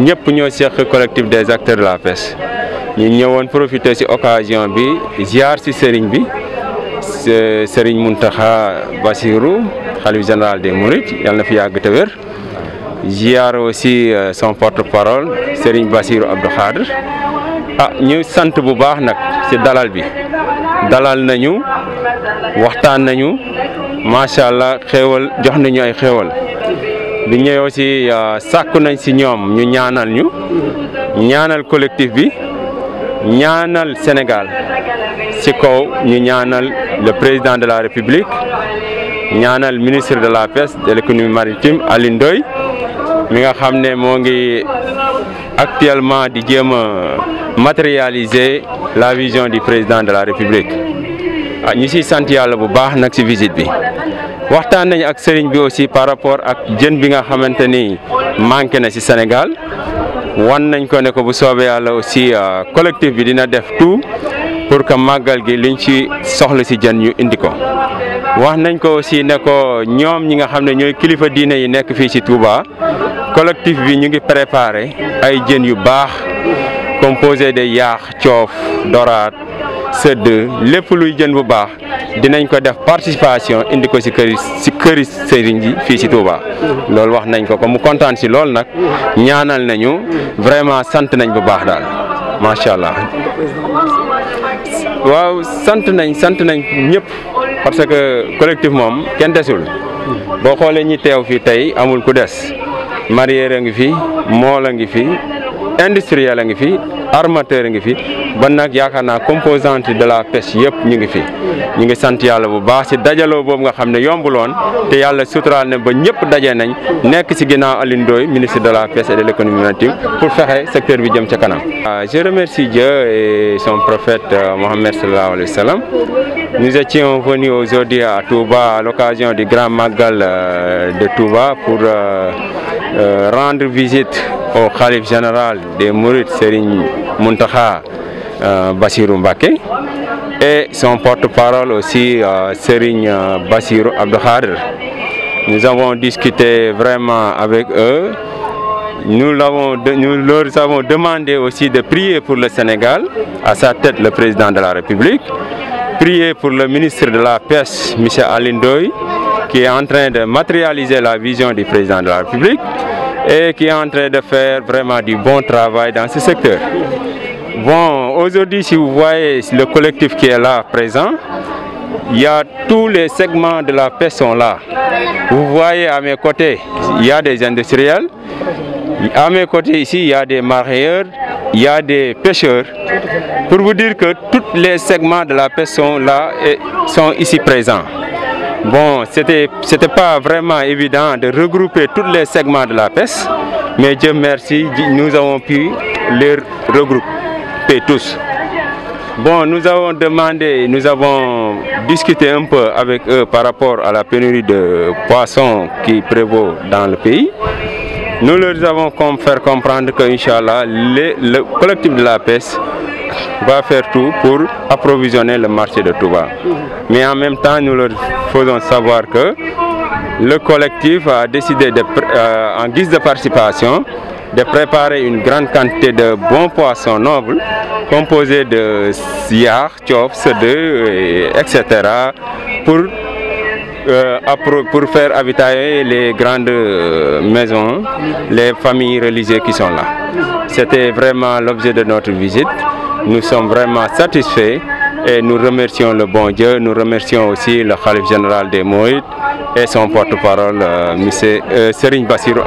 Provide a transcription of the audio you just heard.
ñëpp ñoo seq collectif des acteurs de la pêche ñu ñëwoon profiter ci occasion bi ziar ci sëriñ bi sëriñ Mountakha Bassirou xalif général des Mourides yàlla na fi yàgg te wér ziar aussi euh, son porte-parole sëriñ Bassirou Abdou Khadre ah ñu sant bu baax nag ci dalal bi dalal nañu waxtaan nañu macha allah xéewal jox nañu ay xéewal. Nous avons aussi euh, sakku nañ nous ñom ñu ñaanal ñu ñaanal collectif bi le Sénégal Nous ko ñu le président de la République le ministre de la pêche de l'économie maritime Alindoy. Ndoye mi nga actuellement di matérialiser la vision du président de la République Nous ah, ñu ci sant yalla bu baax visite waxtaan nañu ak sëriñ bi aussi par rapport ak jën bi nga xamante ni manqué na ci Sénégal wan nañ ko ne ko bu soobee yàlla aussi euh, collectif bi dina def tout pour que màggal gi liñ ci soxla ci jën yu indi ko. wax nañ ko aussi ne ko ñoom ñi nga xam ne ñooy kilifa diine yi nekk fii ci Touba collectif bi ñu ngi préparé ay jën yu baax composé de yaax coof doraat sedd lépp luy jën bu baax dinañ ko def participation indi ko si këri si këri sëriñ ji fii si Touba loolu wax nañ ko ko mu kontaan si loolu nag ñaanal nañu vraiment sant nañ bu baax daal macha allah waaw sant nañ sant nañ ñëpp parce que collectif moom kenn desul boo xoolee ñi teew fii tey amul ku des mareyeur a ngi fii mool a ngi fii industriel a ngi fii armateur ngi fi ban nak yakarna composante de la pêche yep ñi ngi fi ñi ngi sant yalla bu baax ci dajalo boobu nga ne te yalla suturaal na ba ñëpp dajé nañ nek ci ginaaw ministre de la pêche et de l'économie maritime pour faire secteur bi jëm ci kanam. Ah, je remercie Dieu et son prophète euh, Mohammed sallallahu alayhi wa nous étions venus aujourd'hui à Touba à l'occasion du grand Magal euh, de Touba pour. Euh, euh, rendre visite au calife général des Mourides, Serigne Muntaha euh, Bassirou et son porte-parole aussi, euh, Serigne euh, Bassirou Nous avons discuté vraiment avec eux. Nous, leur avons demandé aussi de prier pour le Sénégal, à sa tête le président de la République, prier pour le ministre de la Paix M. Alindoy, qui est en train de matérialiser la vision du président de la République et qui est en train de faire vraiment du bon travail dans ce secteur. Bon, aujourd'hui, si vous voyez le collectif qui est là présent, il y a tous les segments de la paix sont là. Vous voyez à mes côtés, il y a des industriels. À mes côtés ici, il y a des marieurs, il y a des pêcheurs. Pour vous dire que tous les segments de la paix sont là et sont ici présents. Bon, c'était n'était pas vraiment évident de regrouper tous les segments de la peste, mais Dieu merci, nous avons pu les regrouper tous. Bon, nous avons demandé, nous avons discuté un peu avec eux par rapport à la pénurie de poissons qui prévaut dans le pays. Nous leur avons fait comprendre que, Inch'Allah, le collectif de la peste, va faire tout pour approvisionner le marché de Touba. Mais en même temps, nous leur faisons savoir que le collectif a décidé, euh, en guise de participation, de préparer une grande quantité de bons poissons nobles composés de siar, tchop, sede etc. pour euh, pour faire habitailler les grandes euh, maisons, les familles religieuses qui sont là. C'était vraiment l'objet de notre visite. Nous sommes vraiment satisfaits et nous remercions le bon Dieu, nous remercions aussi le Khalif général des Moïdes et son porte-parole, euh, M. Euh, Serigne Bassirou